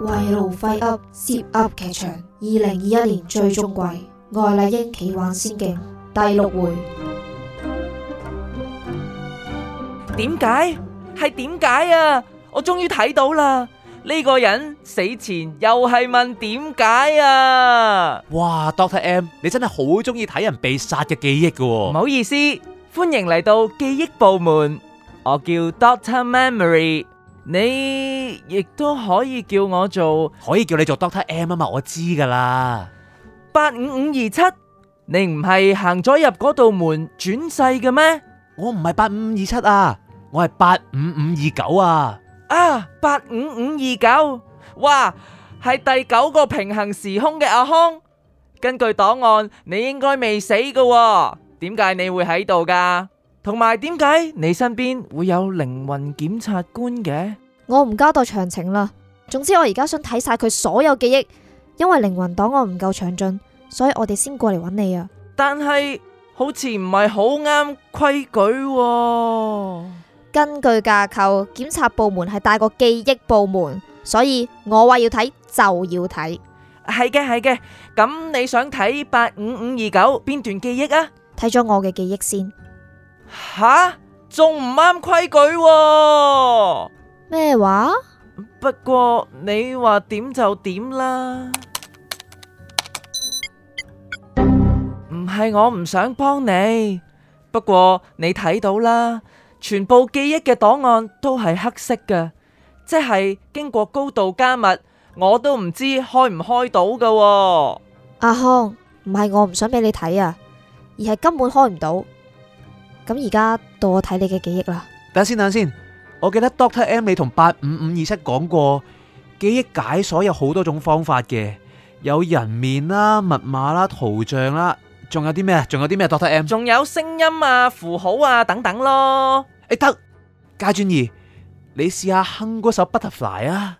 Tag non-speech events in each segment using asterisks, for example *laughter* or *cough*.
為路廢屋 Zip 噏劇場，二零二一年最終季，愛麗英奇幻仙境第六回。點解？係點解啊？我終於睇到啦！呢個人死前又係問點解啊？哇，Doctor M，你真係好中意睇人被殺嘅記憶噶？唔好意思，歡迎嚟到記憶部門，我叫 Doctor Memory。你亦都可以叫我做，可以叫你做 Doctor M 啊嘛，我知噶啦。八五五二七，你唔係行咗入嗰道門轉世嘅咩？我唔係八五五二七啊，我係八五五二九啊。啊，八五五二九，哇，係第九個平行時空嘅阿康。根據檔案，你應該未死噶、啊，點解你會喺度噶？同埋，點解你身邊會有靈魂檢察官嘅？我唔交代詳情啦。總之，我而家想睇晒佢所有記憶，因為靈魂檔案唔夠詳盡，所以我哋先過嚟揾你啊。但係好似唔係好啱規矩喎。根據架構，檢察部門係大過記憶部門，所以我話要睇就要睇。係嘅，係嘅。咁你想睇八五五二九邊段記憶啊？睇咗我嘅記憶先。吓，仲唔啱規矩喎？咩話？不過你話點就點啦。唔係 *noise* 我唔想幫你，不過你睇到啦，全部記憶嘅檔案都係黑色嘅，即係經過高度加密，我都唔知開唔開到噶喎。阿匡，唔係我唔想俾你睇啊，而係根本開唔到。咁而家到我睇你嘅記憶啦。等下先，等下先。我記得 Doctor M 你同八五五二七講過，記憶解鎖有好多種方法嘅，有人面啦、密碼啦、圖像啦，仲有啲咩啊？仲有啲咩 Doctor M？仲有聲音啊、符號啊等等咯。哎得，家專兒，你試下哼嗰首 Butterfly 啊。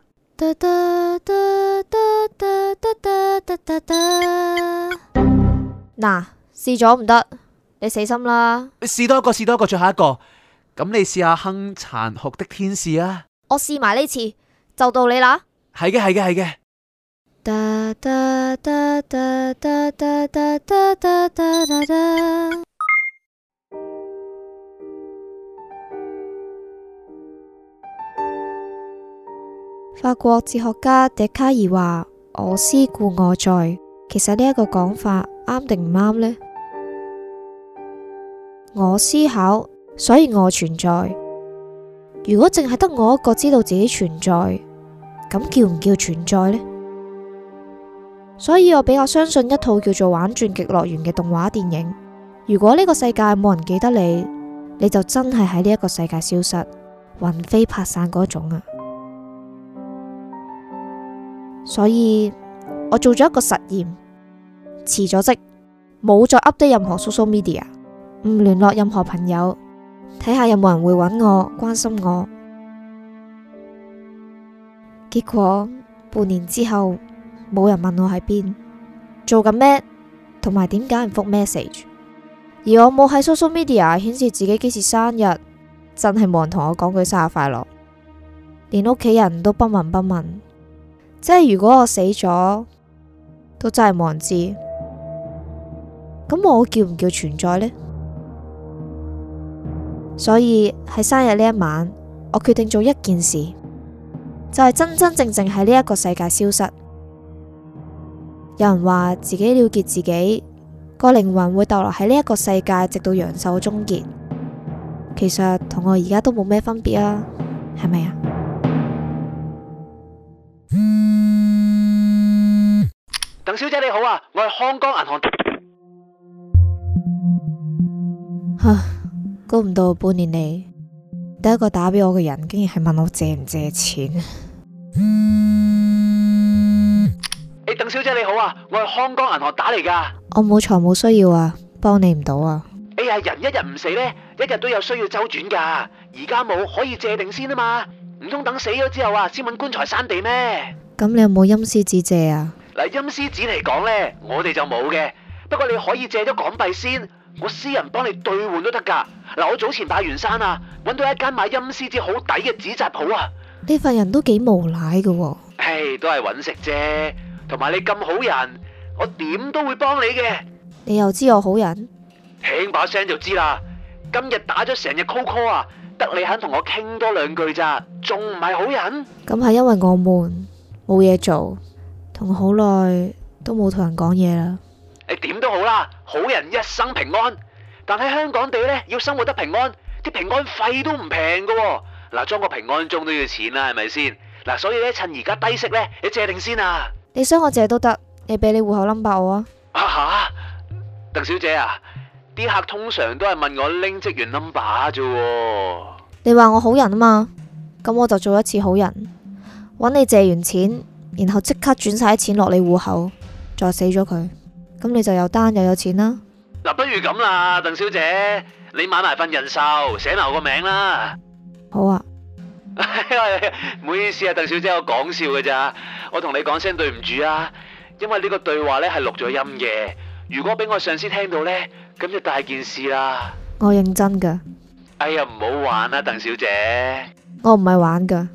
嗱，試咗唔得。你死心啦！你試多一個，試多一個，最後一個。咁你試下《哼殘酷的天使》啊！我試埋呢次，就到你啦！係嘅，係嘅，係嘅。法國哲學家笛卡爾話：我思故我在。其實呢一個講法啱定唔啱呢？我思考，所以我存在。如果淨係得我一個知道自己存在，咁叫唔叫存在呢？所以我比較相信一套叫做《玩轉極樂園》嘅動畫電影。如果呢個世界冇人記得你，你就真係喺呢一個世界消失，魂飛魄散嗰種啊！所以我做咗一個實驗，辭咗職，冇再 update 任何 social media。唔聯絡任何朋友，睇下有冇人會揾我，關心我。結果半年之後冇人問我喺邊做緊咩，同埋點解唔覆 message。而我冇喺 social media 顯示自己幾時生日，真係冇人同我講句生日快樂，連屋企人都不聞不問。即係如果我死咗，都真係冇人知。咁我叫唔叫存在呢？所以喺生日呢一晚，我決定做一件事，就係、是、真真正正喺呢一個世界消失。有人話自己了結自己，個靈魂會逗留喺呢一個世界，直到陽壽終結。其實同我而家都冇咩分別啊，係咪啊？鄧、嗯、小姐你好啊，我係康江銀行。 *noise* *noise* *noise* 估唔到半年嚟，第一個打俾我嘅人，竟然係問我借唔借錢？誒、 *laughs* 哎，鄧小姐你好啊，我係康江銀行打嚟噶。我冇財務需要啊，幫你唔到啊。哎呀，人一日唔死呢，一日都有需要周轉噶。而家冇可以借定先啊嘛，唔通等死咗之後啊，先揾棺材山地咩？咁、嗯、你有冇陰司紙借啊？嗱，陰司紙嚟講呢，我哋就冇嘅。不過你可以借咗港幣先，我私人幫你兌換都得噶。嗱，我早前拜完山啊，揾到一間買陰司紙好抵嘅紙紮鋪啊！呢份人都幾無賴嘅喎，嘿，都係揾食啫。同埋你咁好人，我點都會幫你嘅。你又知我好人？聽把聲就知啦。今日打咗成日 call call 啊，得你肯同我傾多兩句咋，仲唔係好人？咁係因為我悶，冇嘢做，同好耐都冇同人講嘢啦。你點都好啦，啊，好人一生平安。但喺香港地呢，要生活得平安，啲平安費都唔平噶。嗱、啊，裝個平安鐘都要錢啦，係咪先？嗱、啊，所以呢，趁而家低息呢，你借定先啊！你想我借都得，你俾你戶口 number 我啊！吓，鄧小姐啊，啲客通常都係問我拎職員 number 啫、啊。你話我好人啊嘛，咁我就做一次好人，搵你借完錢，然後即刻轉晒啲錢落你戶口，再死咗佢，咁你就有單又有錢啦。嗱、啊，不如咁啦，鄧小姐，你買埋份人壽，寫埋我個名啦。好啊，唔 *laughs* 好意思啊，鄧小姐，我講笑噶咋，我同你講聲對唔住啊，因為呢個對話呢係錄咗音嘅，如果俾我上司聽到呢，咁就大件事啦。我認真噶。哎呀，唔好玩啊，鄧小姐。我唔係玩噶，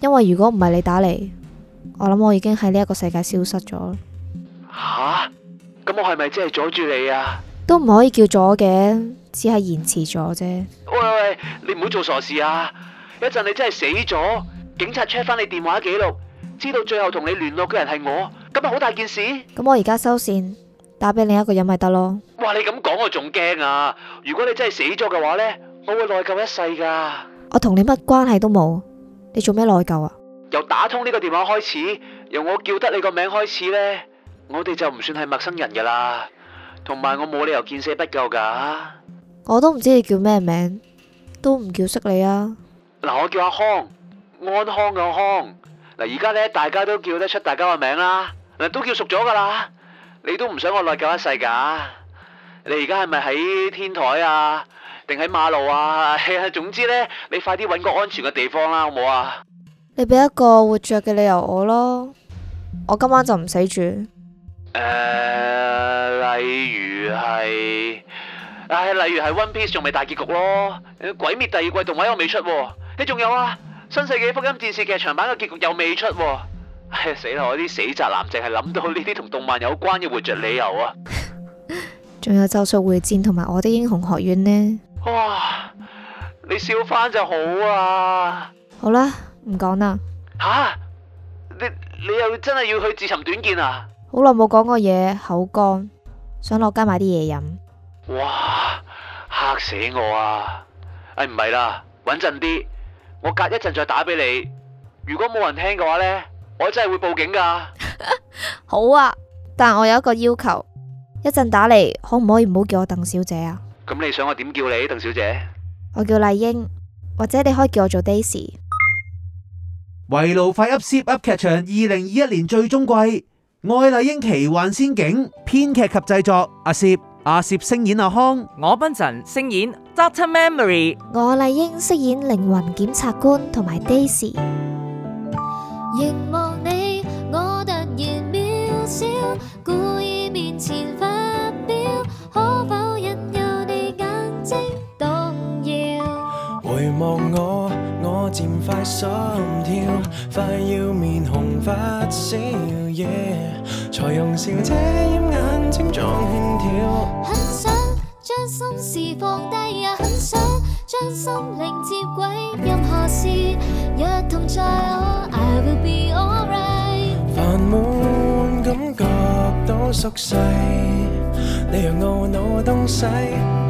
因為如果唔係你打嚟，我諗我已經喺呢一個世界消失咗。吓、啊？咁我係咪真係阻住你啊？都唔可以叫阻嘅，只係延遲咗啫。喂喂，你唔好做傻事啊！一陣你真係死咗，警察 check 翻你電話記錄，知道最後同你聯絡嘅人係我，咁咪好大件事。咁我而家收線，打俾另一個人咪得咯。哇，你咁講我仲驚啊！如果你真係死咗嘅話呢，我會內疚一世噶。我同你乜關係都冇，你做咩內疚啊？由打通呢個電話開始，由我叫得你個名開始呢。我哋就唔算係陌生人噶啦，同埋我冇理由見死不救噶、啊。我都唔知你叫咩名，都唔叫識你啊。嗱，我叫阿康，安康嘅康。嗱，而家呢，大家都叫得出大家嘅名啦，嗱都叫熟咗噶啦。你都唔想我內疚一世噶、啊？你而家係咪喺天台啊？定喺馬路啊？ *laughs* 總之呢，你快啲揾個安全嘅地方啦，好唔好啊？你俾一個活着嘅理由我咯，我今晚就唔死住。誒、uh, 哎，例如係，誒，例如係《One Piece》仲未大結局咯，《鬼滅》第二季動畫又未出，你、哎、仲有啊，《新世紀福音戰士》劇場版嘅結局又未出，死咯！哎、我啲死宅男淨係諗到呢啲同動漫有關嘅活着理由啊，仲 *laughs* 有《咒術回戰》同埋《我的英雄學院》呢？哇，你笑翻就好啊！好啦，唔講啦。吓、啊，你你又真係要去自尋短見啊？好耐冇講過嘢，口乾，想落街買啲嘢飲。哇，嚇死我啊！唉、哎，唔係啦，穩陣啲，我隔一陣再打俾你。如果冇人聽嘅話呢，我真係會報警噶。 *laughs* 好啊，但我有一個要求，一陣打嚟可唔可以唔好叫我鄧小姐啊？咁你想我點叫你，鄧小姐？我叫麗英，或者你可以叫我做 Daisy。圍爐費噏 Zip 噏劇場二零二一年最終季。愛麗英奇幻仙境，編劇及製作阿攝，阿攝聲演阿匡，我賓臣聲演 Dr. Memory，我麗英飾演靈魂檢察官同埋 Daisy。凝望你，我突然渺小，故意面前。漸快心跳，快要面紅發燒，yeah. 才用笑遮掩眼睛裝輕佻。很想將心事放低、啊，也很想將心靈接軌。任何事若同在我，I will be alright。煩悶感覺都縮細，你讓懊惱東西。